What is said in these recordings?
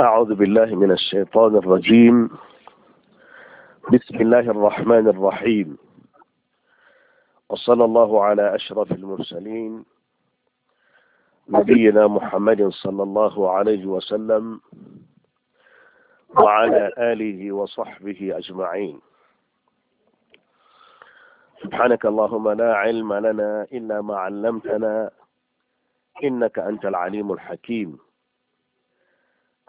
أعوذ بالله من الشيطان الرجيم بسم الله الرحمن الرحيم وصلى الله على أشرف المرسلين نبينا محمد صلى الله عليه وسلم وعلى آله وصحبه أجمعين سبحانك اللهم لا علم لنا إلا ما علمتنا إنك أنت العليم الحكيم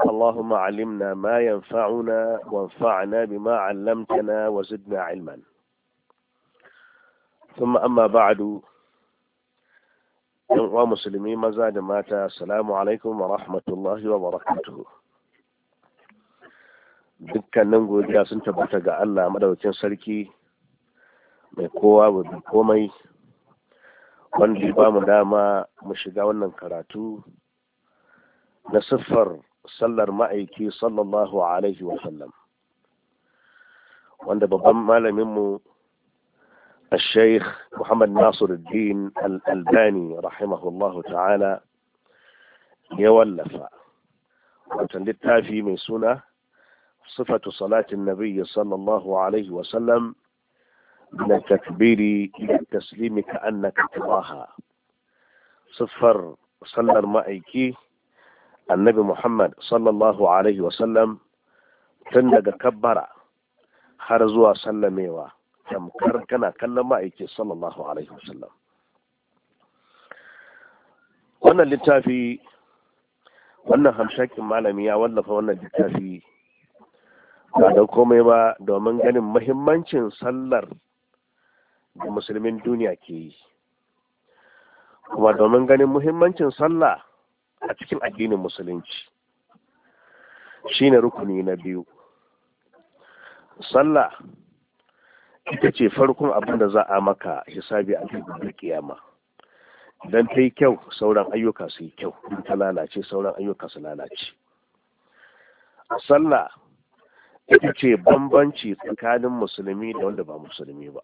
اللهم علمنا ما ينفعنا وانفعنا بما علمتنا وزدنا علما ثم أما بعد uwa musulmi maza da mata assalamu alaikum wa rahmatullahi wa barakatuhu dukkanin godiya sun tabbata ga Allah madaukin sarki mai kowa da komai wanda ba mu dama mu shiga wannan karatu na siffar sallar ma'aiki sallallahu alaihi wasallam wanda babban malaminmu الشيخ محمد ناصر الدين الألباني رحمه الله تعالى يولف وتلتافي من سنة صفة صلاة النبي صلى الله عليه وسلم من التكبير إلى التسليم كأنك تراها صفر صلى مأيكي annabi Muhammad sallallahu Alaihi wasallam tun daga kabbara har zuwa sallamewa tamkar kana kallon ma'aiki sallallahu Alaihi wasallam. Wannan littafi wannan hamshakin malami ya wallafa wannan littafi ba da komai ba domin ganin mahimmancin sallar da musulmin duniya ke yi. kuma domin ganin muhimmancin sallah a cikin addinin musulunci shine rukuni na biyu sallah ita ce farkon abin da za a maka hisabi a cikin kiyama idan ta yi kyau sauran ayyuka su yi kyau in ta lalace sauran ayyuka su lalace sallah ita ce bambanci tsakanin musulmi da wanda ba musulmi ba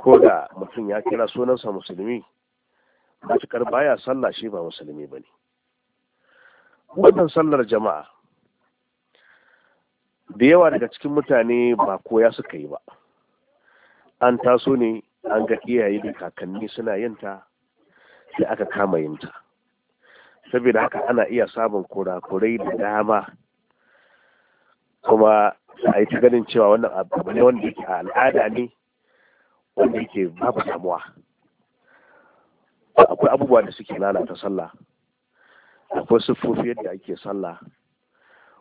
ko da mutum ya kira sunansa musulmi matukar baya sallah shi ba musulmi ba ne wannan sallar jama'a da yawa daga cikin mutane ba koya suka yi ba an taso ne an ga iyaye da kakanni suna yinta da aka kama yinta saboda haka ana iya samun kurakurai da dama kuma a yi ta ganin cewa wannan abu ne wanda yake al'ada ne wanda yake babu samuwa akwai abubuwa da suke lalata sallah akwai siffofi yadda ake sallah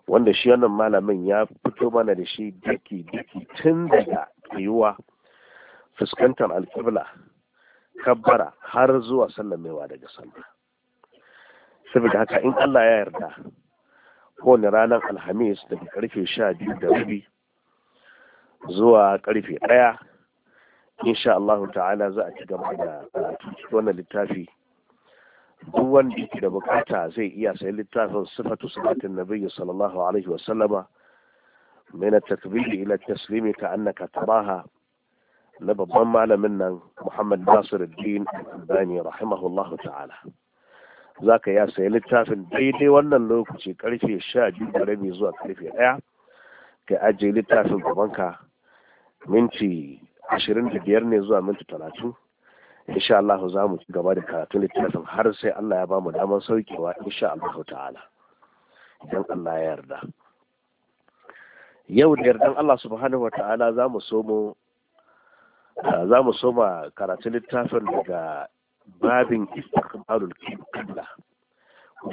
wanda shi wannan malamin ya fito mana da shi daki daki tun daga yiwuwa fuskantar alkibla kabbara har zuwa maiwa daga sallah saboda haka in Allah ya yarda kowane ranar alhamis daga karfe sha biyu da rubi zuwa karfe ɗaya insha Allah ta'ala za a ci gaba da karatu wannan littafi duk wanda yake da bukata zai iya sayi littafin sifatu sifatin nabiyyi sallallahu alaihi wa sallama min at-takbir ila taslimi ka annaka taraha na babban malamin nan Muhammad Nasiruddin Albani rahimahullahu ta'ala zaka ya sayi littafin daidai wannan lokaci karfe 12 da rabi zuwa karfe 1 ka ajiye littafin gabanka minti ashirin da biyar ne zuwa minti talatin insha Allah za mu ci gaba da karatun littafin har sai Allah ya bamu damar saukewa insha Allah ta'ala Allah ya yarda yau da yardan Allah subhanahu wa ta'ala za mu somo za mu soma karatu littafin daga babin istiqbalul qibla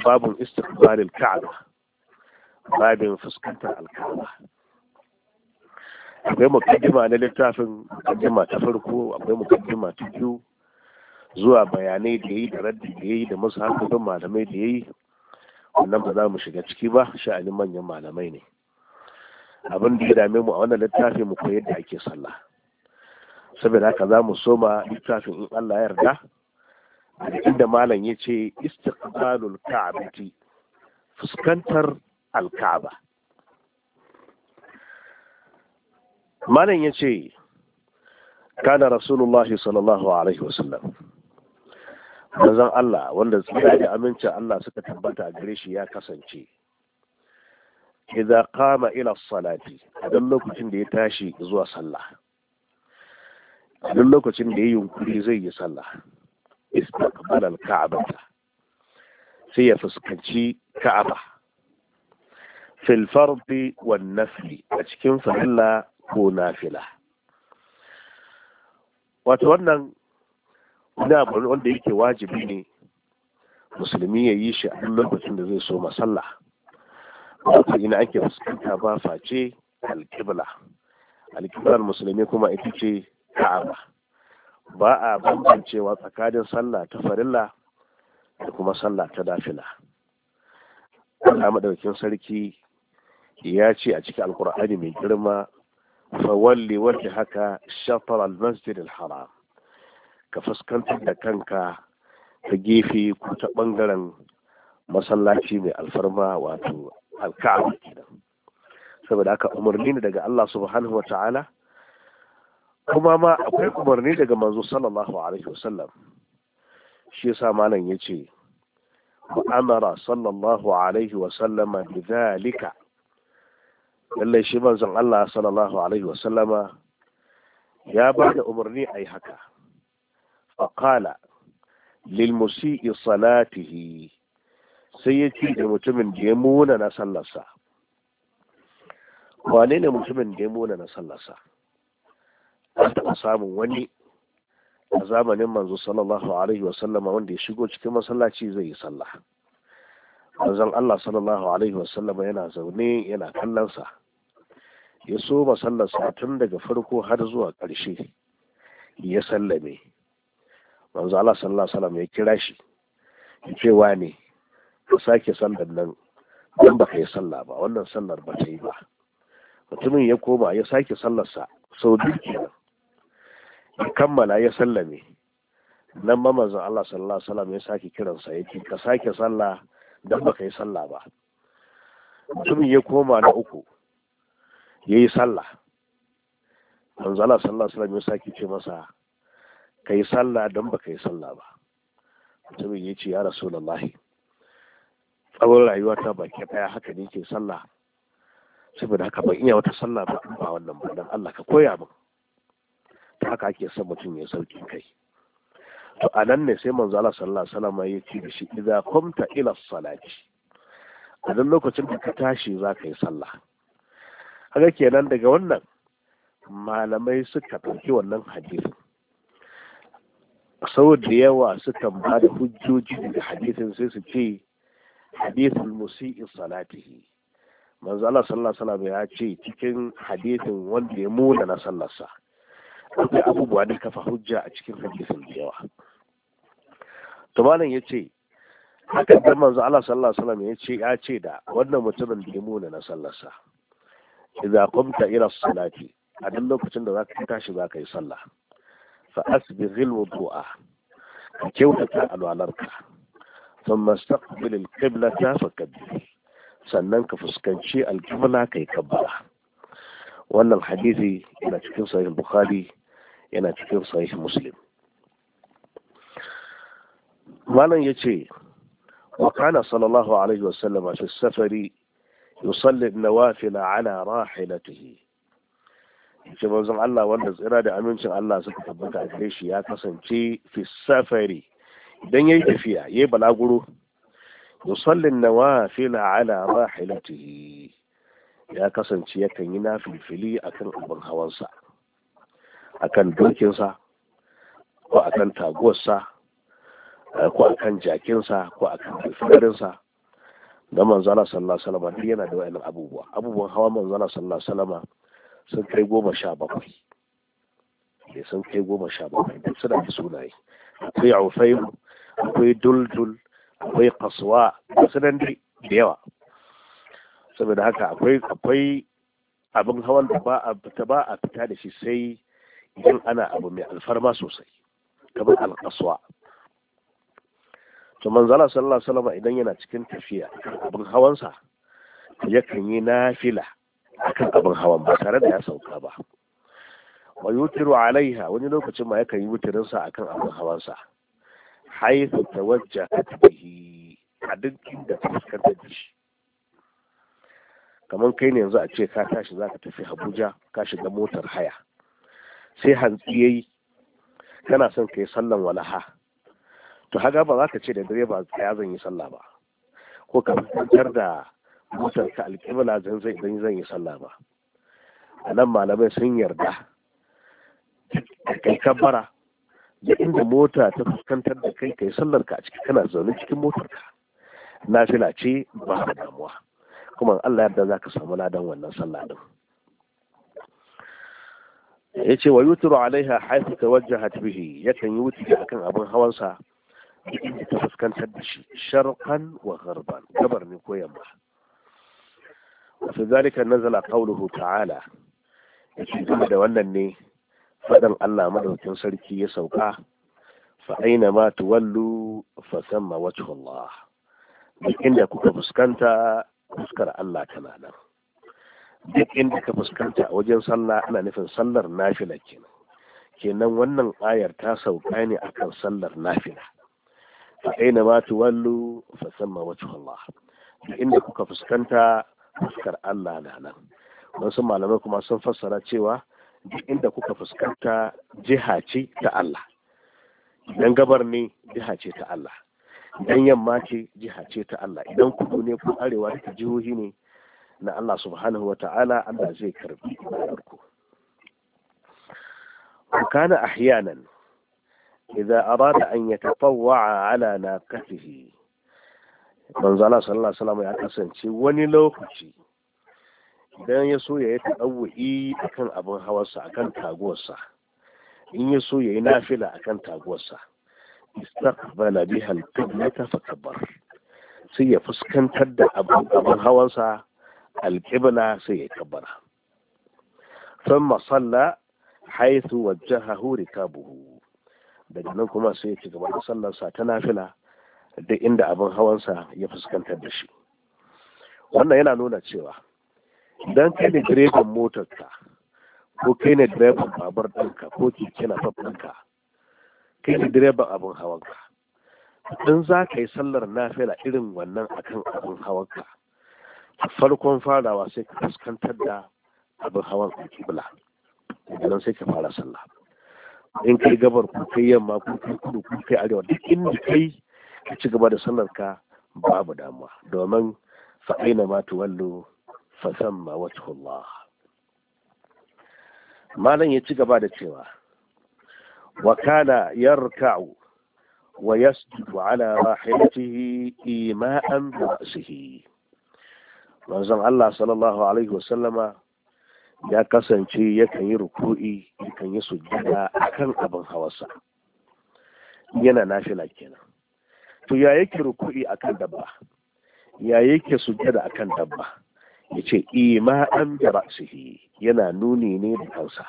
babin istiqbalul ka'aba babin fuskantar alkaba akwai mukaddima na littafin mukaddima ta farko akwai mukaddima ta biyu zuwa bayanai da yayi da raddi da yayi da musu hankalin malamai da yayi wannan ba za mu shiga ciki ba sha'anin manyan malamai ne abin da ya dame mu a wannan littafi mu koyi yadda ake sallah saboda haka za mu soma littafin in Allah ya yarda da inda malam ya ce istiqbalul ka'bati fuskantar alka'aba. malam ya ce kana rasulullahi sallallahu alaihi wasallam manzon Allah wanda tsira da amincin Allah suka tabbata a gare shi ya kasance idza qama ila salati a duk lokacin da ya tashi zuwa sallah a duk lokacin da ya yunkuri zai yi sallah istaqbal al-ka'ba sai ya fuskanci ka'aba fil fardi wan nafli a cikin farilla ko nafila wato wannan wani abu wanda yake wajibi ne musulmi ya yi shi a lokacin da zai so masalla wato ina ake fuskanta ba face alkibla alkiblar musulmi kuma ita ce ka'aba ba a bambancewa tsakanin sallah ta farilla da kuma sallah ta dafila Allah maɗaukin sarki ya ce a cikin alkur'ani mai girma fawalli wace haka shafar almasjid alharam ka fuskantar da kanka ta gefe ko ta bangaren masallaci mai alfarma wato alka'aba kenan saboda aka umarni ne daga Allah subhanahu wa ta'ala kuma ma akwai umarni daga manzo sallallahu alaihi wasallam shi yasa malam yace amara sallallahu alaihi wasallam bi zalika lallai shi manzon Allah sallallahu alaihi wasallama ya ba da umarni a yi haka faƙala lilmusi'i salatihi sai ya ce da mutumin da ya muna na sallarsa wane ne mutumin da ya muna na sallarsa an taɓa samun wani a zamanin manzo sallallahu alaihi wasallama wanda ya shigo cikin masallaci zai yi sallah manzon Allah sallallahu alaihi wasallam yana zaune yana kallon sa ya so sallarsa tun daga farko har zuwa ƙarshe ya sallame manzo Allah sallallahu alaihi wasallam ya kira shi ya ce wa ne ka sake sallar nan dan ba ka yi sallah ba wannan sallar ba ta yi ba mutumin ya koma ya sake sallarsa sau biyu kenan ya kammala ya sallame nan ma manzo Allah sallallahu alaihi wasallam ya sake kiransa ya ce ka sake sallah don baka yi sallah ba mutumin ya koma na uku ya yi sallah manzo sallah sallah ya sake ce masa ka yi sallah don baka yi sallah ba mutumin ya ce ya rasu lallahi tsawon rayuwa ta baki ɗaya haka ne ke sallah saboda haka ban iya wata sallah ba ba wannan ba don Allah ka koya min ta haka ake son mutum ya sauki kai to anan ne sai manzo Allah sallallahu alaihi wasallam ya ce da shi idza qumta ila salati a duk lokacin da ka tashi za ka yi sallah haka kenan daga wannan malamai suka ɗauki wannan hadisin sau da yawa sukan ba da hujjoji daga hadisin sai su ce hadisin musi'i salatihi manzo Allah sallallahu alaihi wasallam ya ce cikin hadisin wanda ya muna na sallarsa akwai abubuwa da kafa hujja a cikin hadisin da yawa to malam yace haka da manzo Allah sallallahu alaihi wasallam yace ya ce da wannan mutumin da ya na sallarsa idza qumta ila salati a duk lokacin da zaka tashi zaka yi sallah fa asbighil wudu'a ka kyautata alwalarka thumma istaqbil al-qiblata kabbir sannan ka fuskanci al-qibla kai kabbara wannan hadisi yana cikin sahih bukhari yana cikin sahih muslim malam ya ce wa kana sallallahu alaihi wasallam fi safari yusalli nawafila ala rahilatihi yace manzon Allah wanda tsira da amincin Allah suka tabbata a gare shi ya kasance fi safari idan yayi tafiya yayi balaguro yusallin nawafila ala rahilatihi ya kasance yakan yi nafilfili akan abin hawansa akan dokinsa ko akan taguwarsa ko akan jakinsa ko akan alfarinsa da manzana sallallahu Salama. wasallam yana da wayannan abubuwa abubuwan hawa manzana sallallahu Salama sun kai goma sha bakwai da sun kai goma sha bakwai duk suna da sunaye akwai aufai akwai duldul akwai kasuwa da sunan da yawa saboda haka akwai akwai abin hawan da ba a fita ba a fita da shi sai idan ana abu mai alfarma sosai kamar alkaswa to manzala sallallahu alaihi wasallam idan yana cikin tafiya abin hawan hawansa yakan yi nafila akan abin hawan ba tare da ya sauka ba wa yutiru alaiha wani lokacin ma yakan yi wutirin sa akan abin hawansa haythu tawajjahat bihi a duk inda ta fuskanta da shi kamar kai ne yanzu a ce ka tashi za ka tafi abuja ka shiga motar haya sai hantsi ya yi kana son ka yi sallan walaha to haga ba za ka ce da direba ya zan yi sallah ba ko ka fitar da motar ka alƙibla zan zan yi sallah ba a nan malamai sun yarda da kai kabbara da inda mota ta fuskantar da kai kai sallar ka a ciki kana zaune cikin motar ka na ce ba damuwa kuma Allah yarda za ka samu ladan wannan sallah din ya ce wa yuturu alaiha haifu ta wajahat Ya yakan yi wuce akan abin hawansa inda ta fuskantar da shi sharkan wa gharban gabar ne ko yamma wa fi zalika nazala qawluhu ta'ala yace da wannan ne Faɗan Allah madaukakin sarki ya sauka fa aina ma tuwallu fa samma wajhu duk inda kuka fuskanta fuskar Allah tana nan duk inda ka fuskanta a wajen sallah ana nufin sallar nafila kenan kenan wannan ayar ta sauka ne a kan sallar nafila fa aina ma tuwallu fa samma wajhu duk inda kuka fuskanta fuskar Allah na nan wasu malamai kuma sun fassara cewa duk inda kuka fuskanta jiha ce ta Allah idan gabar ne jiha ce ta Allah idan yamma ce jiha ce ta Allah idan kudu ne ko arewa ta jihohi ne na Allah subhanahu wa ta'ala Allah zai karbi ku kana ahyanan idan arada an يتطوع ala ناقته manzo Allah sallallahu alaihi wasallam ya kasance wani lokaci idan ya so ya yi tawwi akan abin hawarsa akan taguwarsa in ya so ya yi nafila akan taguwarsa istaqbala biha al-qiblata fakabbar sai ya fuskantar da abin hawansa al-qibla sai ya kabbara thumma salla haythu wajjahahu rikabuhu daga nan kuma sai ya ci gaba da sallarsa ta nafila duk inda abin hawansa ya fuskantar da shi wannan yana nuna cewa idan kai ne direban motarka ko kai ne direban babur ɗinka ko keke na ɗinka kai da direban abin hawanka in za ka yi sallar nafila irin wannan akan abin hawanka a farkon farawa sai ka fuskantar da abin hawan a kibla idan sai ka fara sallah in kai gabar ko kai yamma ko kai kudu ko kai arewa duk inda kai ka ci gaba da sallar ka babu damuwa domin fa aina ma tuwallu fa wajhullah malam ya ci gaba da cewa وكان يركع ويسجد على راحلته إيماء برأسه manzon Allah sallallahu alaihi wasallama ya kasance yakan yi ruku'i yakan yi sujjada akan abin hawarsa yana nafila kenan to ya yake ruku'i akan dabba ya yake sujada akan dabba yace ima'an bi ra'sihi yana nuni ne da kansa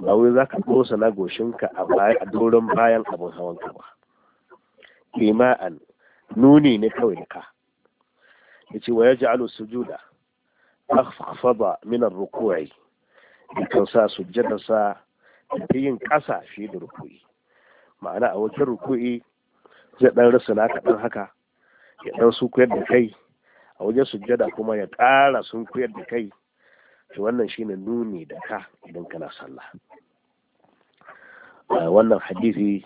ba wai za ka dosa na goshinka a doron bayan abin hawanka ba ima'an nuni ne kawai da ka ce wa ya yaj'alu sujuda ba minan rukuwai ya kan sa sujjadarsa ta yin ƙasa fiye da ruku'i ma'ana a wajen ruku'i zai ɗan rasa na kaɗan haka ya ɗan su kuyar da kai a wajen sujjada kuma ya ƙara sun kuyar da kai to wannan shine nuni da ka idan kana sallah ah, wannan hadisi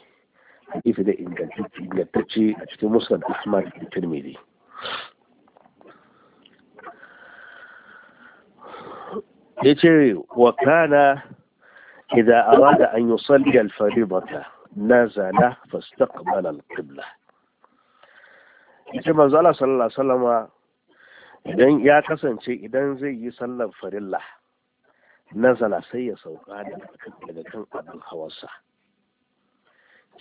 hadisi da ingantacce a cikin musulun ahmad da tirmidhi yace wa kana idan arada an yusalli al-fariidata nazala fastaqbala al-qibla yace manzo Allah sallallahu alaihi wasallama idan ya kasance idan zai yi sallar farilla nazala sai ya sauka daga kan abin hawarsa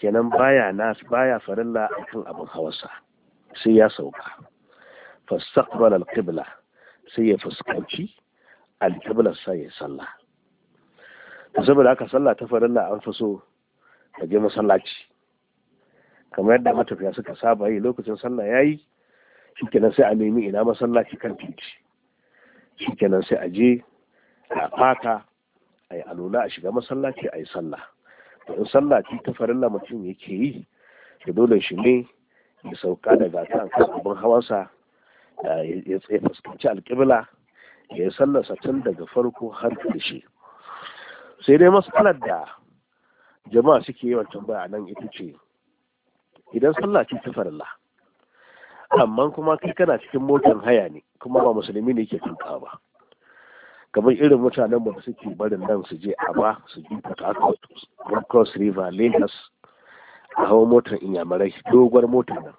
kenan baya na baya farilla akan abin hawarsa sai ya sauka fasakbal alqibla sai ya fuskanci alqibla sai ya sallah saboda haka salla ta farilla an faso, so je masallaci kamar yadda matafiya suka saba yi lokacin sallah yayi shikenan sai a nemi ina masallaci kan titi shikenan sai a je a fata a yi alola a shiga masallaci a yi sallah to in sallah ta farilla mutum yake yi da dole shi ne ya sauka daga kan abin hawansa ya fuskanci alƙibla ya yi sallarsa tun daga farko har ƙarshe sai dai matsalar da jama'a suke yawan tambaya nan ita ce idan sallaci ta farilla amma kuma kai kana cikin motar haya ne kuma ba musulmi ne ke tuka ba kamar irin mutanen da suke barin nan su je aba su ji port harcourt red cross river lagos a hawan motar inyamurai doguwar motar nan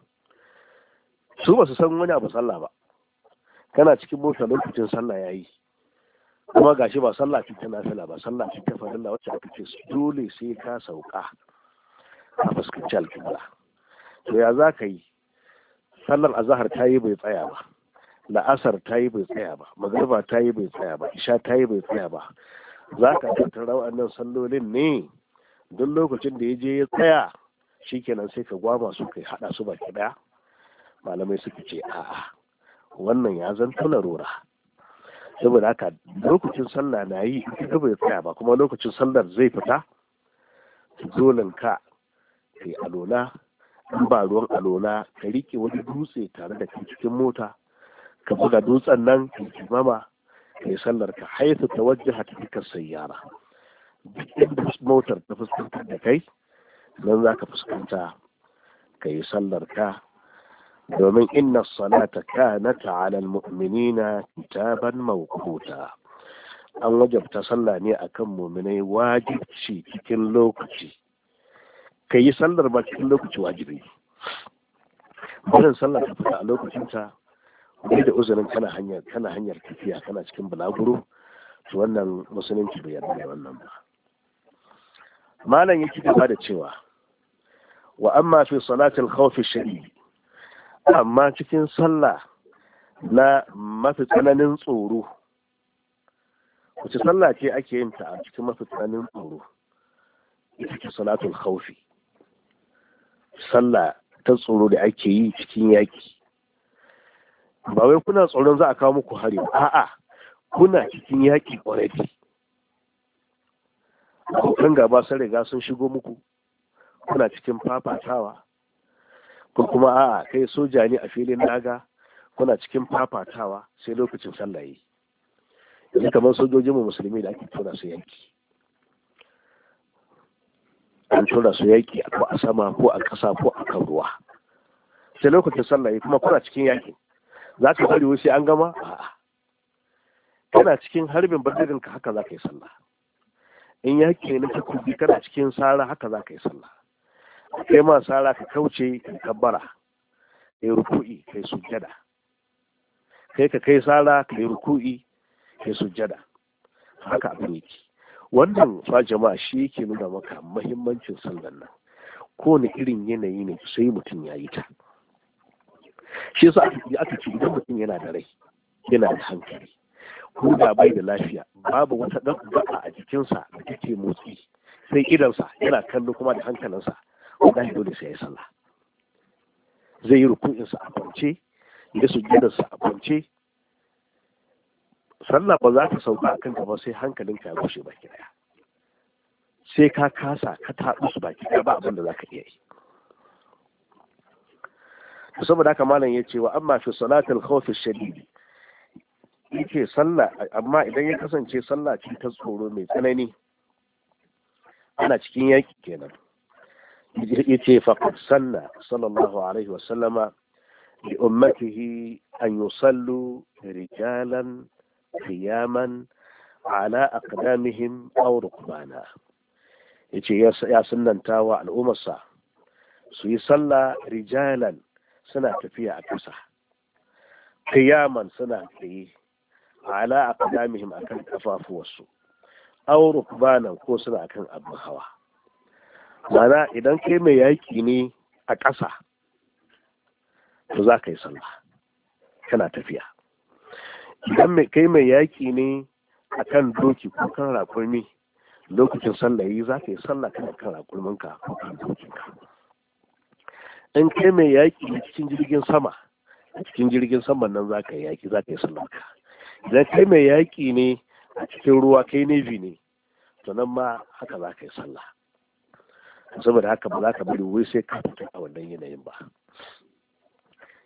su ba su san wani abu sallah ba kana cikin motar lokacin sallah ya yi kuma gashi ba sallah ce ta nafila ba sallah ce ta farilla wacce aka ce dole sai ka sauka a fuskanci alkibla to ya za ka yi sallar azahar ta yi bai tsaya ba la'asar ta yi bai tsaya ba magariba ta yi bai tsaya ba isha ta yi bai tsaya ba za ka tattara nan sallolin ne don lokacin da ya je ya tsaya shikenan sai ka gwama su kai haɗa su baki ɗaya malamai suka ce a'a wannan ya zanto larura saboda haka lokacin sallah na yi ka bai tsaya ba kuma lokacin sallar zai fita dole ka kai alola in ba ruwan alola ka rike wani dutse tare da kai cikin mota ka buga dutsen nan ka yi mama ka yi sallar ka haifa ta wajen hatikar sayyara duk inda motar ta fuskantar da kai nan za ka fuskanta ka yi sallar ka domin inna salata kana ta'ala almu'minina kitaban mawquta an wajabta sallah ne akan mu'minai wajibci cikin lokaci ka yi sallar ba cikin lokaci wajibi barin sallar ka fita a lokacin ta bai da uzurin kana hanyar kana hanyar tafiya kana cikin bulaguro to wannan musulunci bai yarda da wannan ba malam yake gaba da cewa wa amma fi salatil khawf shadid amma cikin sallah na mafi tsananin tsoro wace sallah ce ake yin ta a cikin mafi tsananin tsoro ita ce salatul khawfi sallah ta tsoro da ake yi cikin yaki ba wai kuna tsoron za a kawo muku hari a'a kuna cikin yaki already abokan gaba sun riga sun shigo muku kuna cikin fafatawa ko kuma a'a kai soja ne a filin daga kuna cikin fafatawa sai lokacin sallah yi kamar sojojin musulmi da ake tura su yanki an su yaki ko a sama ko a ƙasa ko a kan ruwa sai lokacin sallah kuma kuna cikin yakin? za ka bari sai an gama a'a kana cikin harbin bardirin ka haka za ka yi sallah in yaki ne na kubi kana cikin sara haka za ka yi sallah kai ma sara ka kauce ka kabbara ka yi ruku'i ka yi sujjada kai ka kai sara ka yi ruku'i ka yi sujjada haka abin yake wannan fa jama'a shi yake nuna maka mahimmancin sallan nan ko kowane irin yanayi ne sai mutum ya yi ta shi yasa aka ce idan mutum yana da rai yana da hankali ko da bai da lafiya babu wata ɗaukaka a jikinsa da take motsi sai idansa yana kallo kuma da hankalinsa wallahi dole sai ya sallah zai yi rukuninsa a kwance ya sa a kwance sallah ba za ta sauka a kanka ba sai hankalin ka ya gushe baki daya sai ka kasa ka taɓa su baki daya ba abin da za ka iya yi to saboda haka malam ya ce wa amma fi salatul khawf shadid yace sallah amma idan ya kasance sallah ce ta tsoro mai tsanani ana cikin yaki kenan yace faqad sanna sallallahu alaihi wa sallama li ummatihi an yusallu qiyaman ala aqdamihim aw rukbana yace ya sunnanta wa al'ummarsa su yi sallah rijalan suna tafiya a ƙasa qiyaman suna tsaye ala aqdamihim akan kafafuwarsu Auruk Bana ko suna akan abin hawa mana idan kai mai yaƙi ne a ƙasa to za ka yi sallah kana tafiya idan mai kai mai yaƙi ne a kan doki ko kan rakurmi lokacin sallah yi za ka yi sallah kan kan rakurminka ko kan dokinka in kai mai yaƙi ne cikin jirgin sama cikin jirgin sama nan za ka yi yaƙi za ka yi sallah ka idan kai mai yaƙi ne a cikin ruwa kai navy ne to nan ma haka za ka yi sallah saboda haka ba za ka bari wai sai ka fita a wannan yanayin ba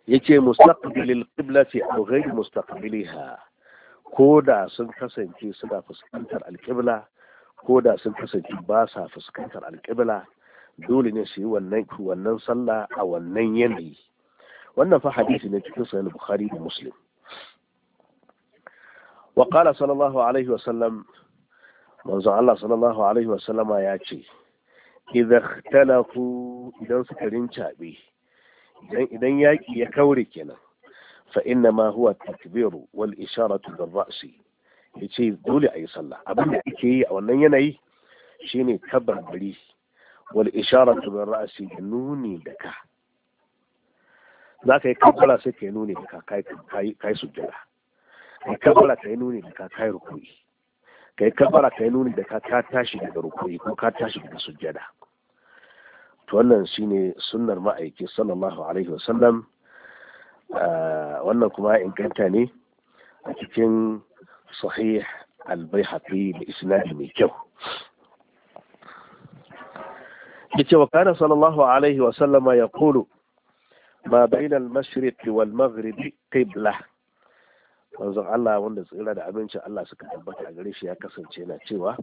yace mustaqbilil qiblati aw ghayr mustaqbiliha ko da sun kasance suna fuskantar alƙibla ko da sun kasance ba sa fuskantar alƙibla dole ne su yi wannan wannan sallah a wannan yanayi wannan fa hadisi ne cikin sahih bukhari da muslim wa qala sallallahu alaihi wa sallam manzo Allah sallallahu alaihi wa sallama ya ce idza ikhtalafu idan suka rincabe idan yaƙi ya kaure kenan fa inna ma huwa takbiru wal isharatu bil ra'si yace dole ayi sallah abin da ake yi a wannan yanayi shine kabarbari wal isharatu bil ra'si nuni da ka zaka yi kabbala sai kai nuni da ka kai kai kai sujjada kai kabbala kai nuni da ka kai ruku'i kai kabbala kai nuni da ka ka tashi daga ruku'i ko ka tashi daga sujjada to wannan shine sunnar ma'aiki sallallahu alaihi wasallam ah, wannan kuma inganta ne a cikin sahih al-baihaqi da isnadi mai kyau yace wa kana sallallahu alaihi wasallama yaqulu ما بين المشرق والمغرب قبلة manzon Allah wanda tsira da abincin Allah suka tabbata a gare shi ya kasance na cewa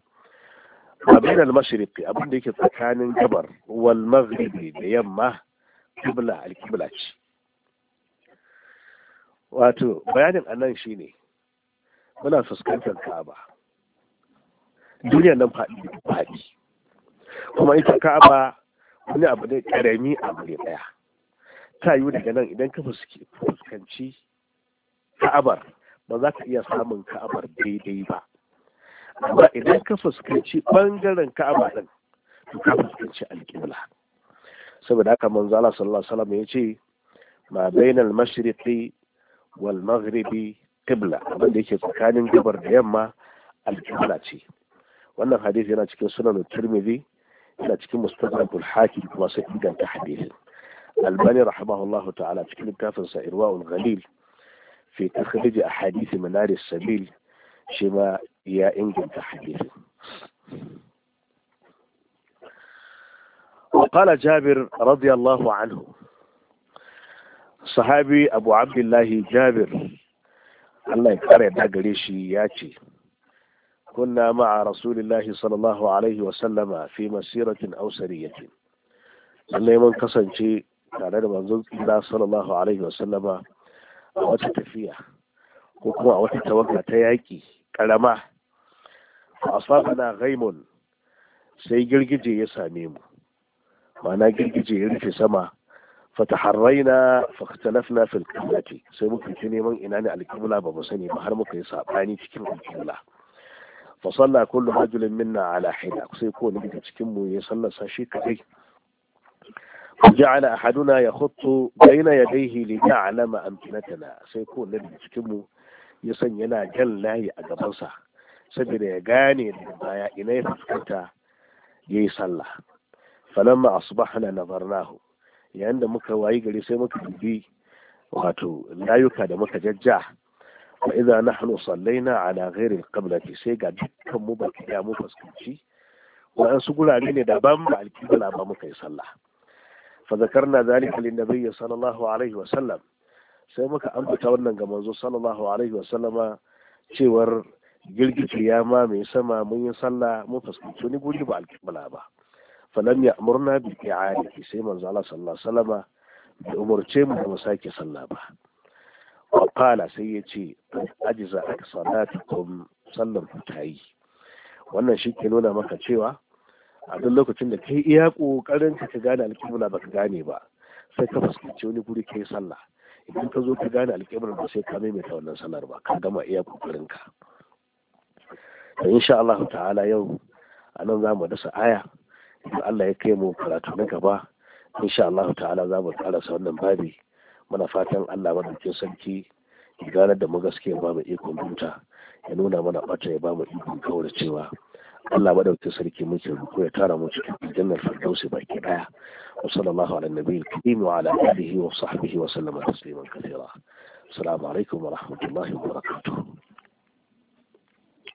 abin al-mashriqi abin da yake tsakanin gabar wal maghribi da yamma kibla al-kibla ce wato bayanin anan shine muna fuskantar Ka'aba Duniya nan faɗi faɗi kuma ita Ka'aba wani abu ne karami a gure daya ta yiwu daga nan idan ka fuskanci Ka'abar ba za ka iya samun Ka'abar daidai ba ba idan ka fuskanci bangaren ka'aba din to ka fuskanci alƙibla saboda haka manzo Allah sallallahu alaihi wasallam ya ce ma bainal mashriqi wal maghribi qibla Wanda yake tsakanin gabar da yamma alƙibla ce wannan hadisi yana cikin sunan Tirmidhi yana cikin mustadrakul hakim kuma sai inganta hadisin albani rahimahullahu ta'ala cikin littafin sa irwaul ghalil fi takhrij ahadith manar sabil shi ma ya inganta hadisin وقال جابر رضي الله عنه صحابي أبو عبد الله جابر الله يكره دقريشي ياتي كنا مع رسول الله صلى الله عليه وسلم في مسيرة أو سرية لأنه من كسن شيء تعالى منزل الله صلى الله عليه وسلم وتتفيه ko kuma a wata tawaga ta yaƙi ƙarama a asabana gaimon, sai girgije ya same mu mana girgije ya rufe sama fataharraina fakhtalafna fil qiblati sai muka ci neman ina ne alqibla ba mu sani ba har muka yi saɓani cikin alqibla Fasalla kullum kullu minna ala hina sai kowane daga cikin mu ya sallasa shi kadai ja'ala ahaduna ya hutu, daina ya khuttu bayna yadayhi li ya'lama amkinatana sai ko nan cikin mu ya san yana jan layi a gabansa saboda ya gane da baya ina ya fuskanta yayi sallah falamma asbahna nazarnahu yayin da muka wayi gari sai muka dubi wato layuka da muka jajja wa idza nahnu sallaina ala ghairi alqiblati sai ga dukkan mu ba ya mu fuskanci wa'ansu gurare ne daban ba alqibla ba muka yi sallah fa zakarna zalika lin nabiyyi sallallahu alaihi wa sallam sai muka ambata wannan ga manzo sallallahu alaihi wa sallama cewar girgije ya ma mai sama mun yi sallah mun fuskanci ni guri ba alƙibla ba falam ya amurna bi i'adati sai manzo Allah sallallahu alaihi wasallama bai umarce mu da mu sake sallah ba wa qala sai ya ce ajiza ak salatukum sallan ku ta yi wannan shi ke nuna maka cewa a duk lokacin da kai iya kokarin ka ka gane alƙibla baka gane ba sai ka fuskanci wani guri kai sallah idan ka zo ka gane alƙibla ba sai ka maimaita wannan sallar ba ka gama iya kokarin ka to insha Allah ta'ala yau anan nan za mu dasa aya idan Allah ya kai mu karatu na gaba insha Allah ta'ala za mu karasa wannan babi muna fatan Allah madaukin sarki ya gane da mu gaskiya ba mu iko mutunta ya nuna mana bata ya ba mu iko kawar cewa Allah madaukakin sarki muke roƙo ya tara mu cikin jannar firdausi baki daya wa sallallahu ala nabiyil karim wa ala alihi wa sahbihi wa sallama tasliman kathira assalamu alaikum wa rahmatullahi wa barakatuh